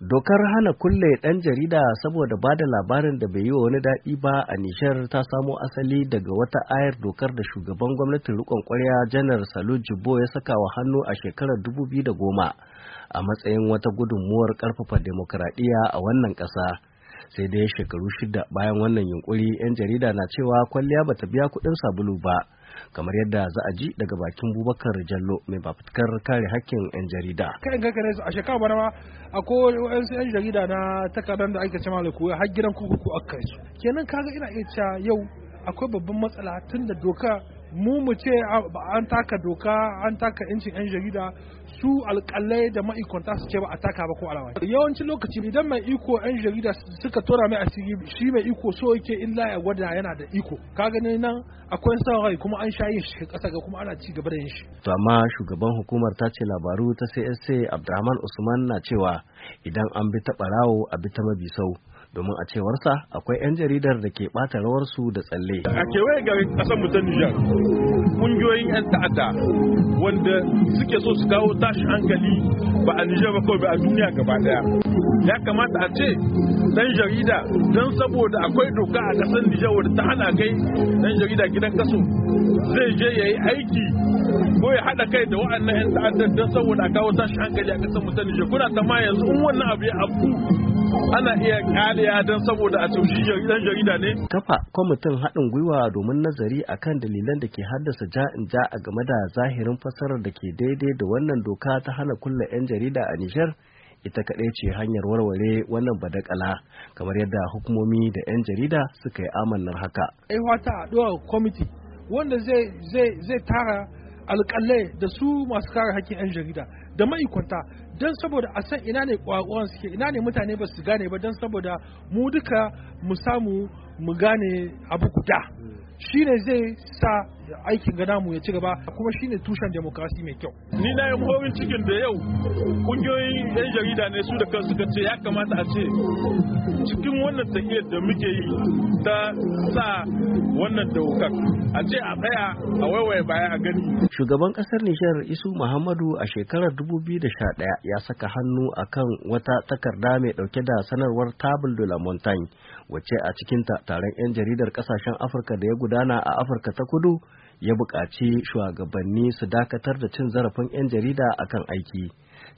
Dokar hana kulle ɗan jarida saboda ba da labarin da bai yi wa wani daɗi ba a Nishar ta samo asali daga wata ayar dokar da shugaban gwamnatin rikon ƙwarya janar Salu Jibbo ya saka wa hannu a shekarar 2010 a matsayin wata gudunmuwar ƙarfafa demokuraɗiyya a wannan ƙasa. Sai dai shekaru shida bayan wannan yunkuri 'yan jarida na cewa kwalliya bata biya kuɗin sabulu ba. kamar yadda za a ji daga bakin bubakar jallo mai fafutukar kare hakkin 'yan jarida kayan kankare a shekara bana ma akwai wa'yansu 'yan jarida na takardar da ake cewa da koyo har gidan kurkuku a kai su kenan kaga ina iya cewa yau akwai babban matsala tun da doka mu mu ce an taka doka an taka incin yan jarida su alƙalai da ma'aikanta su ce ba a taka ba ko alawa yawancin lokaci idan mai iko yan jarida suka tora mai asiri shi mai iko so yake illa ya gwada yana da iko ka gani nan akwai sa rai kuma an sha yin shi ƙasa ga kuma ana ci gaba da yin shi to amma shugaban hukumar ta ce labaru ta CSA Abdurrahman Usman na cewa idan an bi ta barawo a bi ta mabisau domin a cewarsa akwai 'yan jaridar da ke rawar rawarsu da tsalle. A kewaye ga ƙasar mu ta Nijar, ƙungiyoyin 'yan ta'adda wanda suke so su kawo tashi hankali ba a Nijar ba kawai ba a duniya gaba daya. Ya kamata a ce ɗan jarida don saboda akwai doka a ƙasar Nijar wadda ta hana kai ɗan jarida gidan kaso zai je ya yi aiki ko ya haɗa kai da wa'annan 'yan ta'adda don saboda a kawo tashi hankali a ƙasar mu ta Nijar. Kuna ta ma yanzu in wannan abu ya abu ana iya ƙale ya dan saboda a jarida ne. Kafa kwamitin haɗin gwiwa domin nazari akan dalilan da ke haddasa ja'in ja a game da zahirin fasarar da ke daidai da wannan doka ta hana kulle 'yan jarida a Nijar ita kaɗai ce hanyar warware wannan badakala kamar yadda hukumomi da 'yan jarida suka yi amannar haka. Ai wata haɗuwar kwamiti wanda zai tara alƙalai da su masu kare hakkin 'yan jarida da ma'ikwanta don saboda a san ina ne ƙwaƙwan suke ina ne mutane ba su gane ba don saboda mu duka mu samu mu gane abu guda hmm. shine zai sa aikin gada mu ya ci gaba kuma shine tushen demokrasi mai kyau ni na yin horin cikin da yau kungiyoyin yan jarida ne su da kan suka ce ya kamata a ce cikin wannan tafiyar da muke yi ta sa wannan daukar a ce a tsaya a waiwaye baya a gani shugaban kasar Nijar Isu Muhammadu a shekarar 2011 ya saka hannu akan wata takarda mai dauke da sanarwar Table de la Montagne wacce a cikinta taron 'yan jaridar kasashen Afirka da ya gudana a Afirka ta Kudu ya buƙaci shugabanni su dakatar da cin zarafin 'yan jarida a kan aiki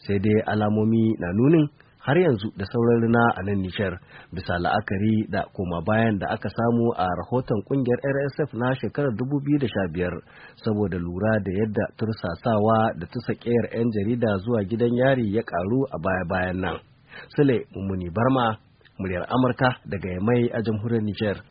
sai dai alamomi na nunin har yanzu da sauran rina a nan nishar bisa la'akari da koma bayan da aka samu a rahoton kungiyar rsf na shekarar 2015 saboda lura da yadda tursasawa da tusa ƙeyar 'yan jarida zuwa gidan yari ya karu a baya-bayan nan sule mummuni barma muryar amurka daga mai a jamhuriyar nijar